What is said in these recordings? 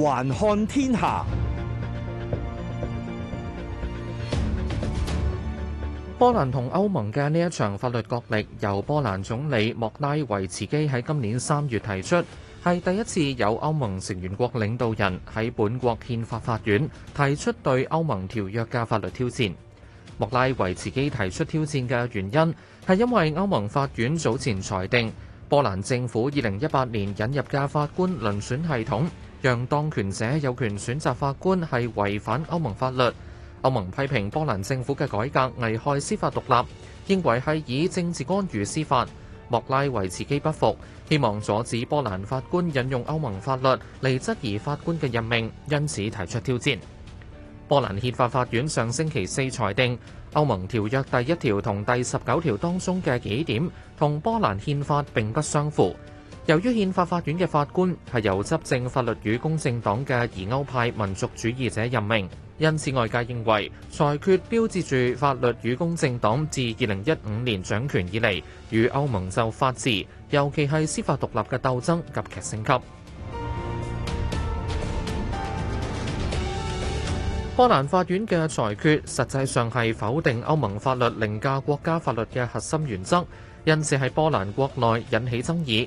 環看天下。波蘭同歐盟嘅呢一場法律角力，由波蘭總理莫拉維茨基喺今年三月提出，係第一次有歐盟成員國領導人喺本國憲法法院提出對歐盟條約嘅法律挑戰。莫拉維茨基提出挑戰嘅原因，係因為歐盟法院早前裁定，波蘭政府二零一八年引入嘅法官輪選系統，讓當權者有權選擇法官係違反歐盟法律。歐盟批評波蘭政府嘅改革危害司法獨立，認為係以政治干預司法。莫拉維茨基不服，希望阻止波蘭法官引用歐盟法律嚟質疑法官嘅任命，因此提出挑戰。波蘭憲法法院上星期四裁定，歐盟條約第一條同第十九條當中嘅幾點同波蘭憲法並不相符。由於憲法法院嘅法官係由執政法律與公正黨嘅疑歐派民族主義者任命，因此外界認為裁決標誌住法律與公正黨自二零一五年掌權以嚟與歐盟就法治，尤其係司法獨立嘅鬥爭急劇升級。波蘭法院嘅裁決實際上係否定歐盟法律凌駕國家法律嘅核心原則，因此喺波蘭國內引起爭議。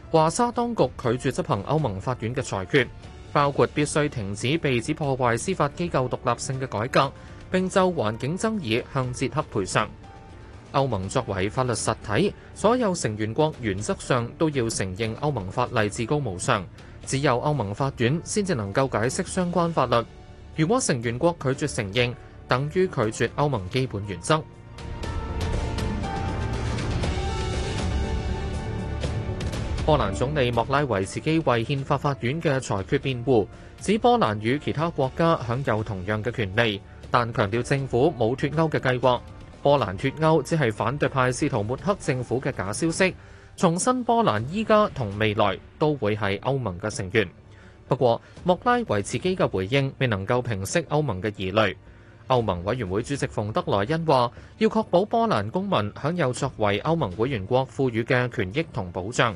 華沙當局拒絕執行歐盟法院嘅裁決，包括必須停止被指破壞司法機構獨立性嘅改革，並就環境爭議向捷克賠償。歐盟作為法律實體，所有成員國原則上都要承認歐盟法例至高無上，只有歐盟法院先至能夠解釋相關法律。如果成員國拒絕承認，等於拒絕歐盟基本原則。波蘭總理莫拉維茨基為憲法法院嘅裁決辯護，指波蘭與其他國家享有同樣嘅權利，但強調政府冇脫歐嘅計劃。波蘭脫歐只係反對派試圖抹黑政府嘅假消息，重申波蘭依家同未來都會係歐盟嘅成員。不過，莫拉維茨基嘅回應未能夠平息歐盟嘅疑慮。歐盟委員會主席馮德萊恩話，要確保波蘭公民享有作為歐盟會員國賦予嘅權益同保障。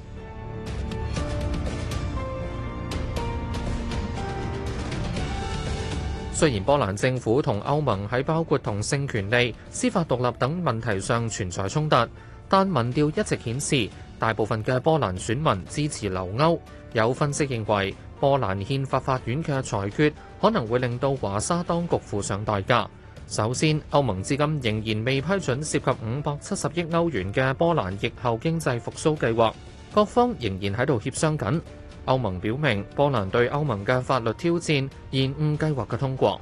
雖然波蘭政府同歐盟喺包括同性權利、司法獨立等問題上存在衝突，但民調一直顯示大部分嘅波蘭選民支持留歐。有分析認為，波蘭憲法法院嘅裁決可能會令到華沙當局付上代價。首先，歐盟至今仍然未批准涉及五百七十億歐元嘅波蘭疫後經濟復蘇計劃，各方仍然喺度協商緊。歐盟表明，波蘭對歐盟嘅法律挑戰延誤計劃嘅通過。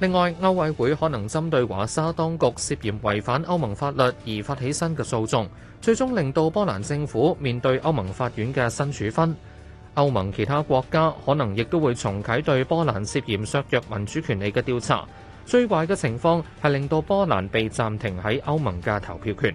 另外，歐委會可能針對華沙當局涉嫌違反歐盟法律而發起新嘅訴訟，最終令到波蘭政府面對歐盟法院嘅新處分。歐盟其他國家可能亦都會重啟對波蘭涉嫌削弱民主權利嘅調查。最壞嘅情況係令到波蘭被暫停喺歐盟嘅投票權。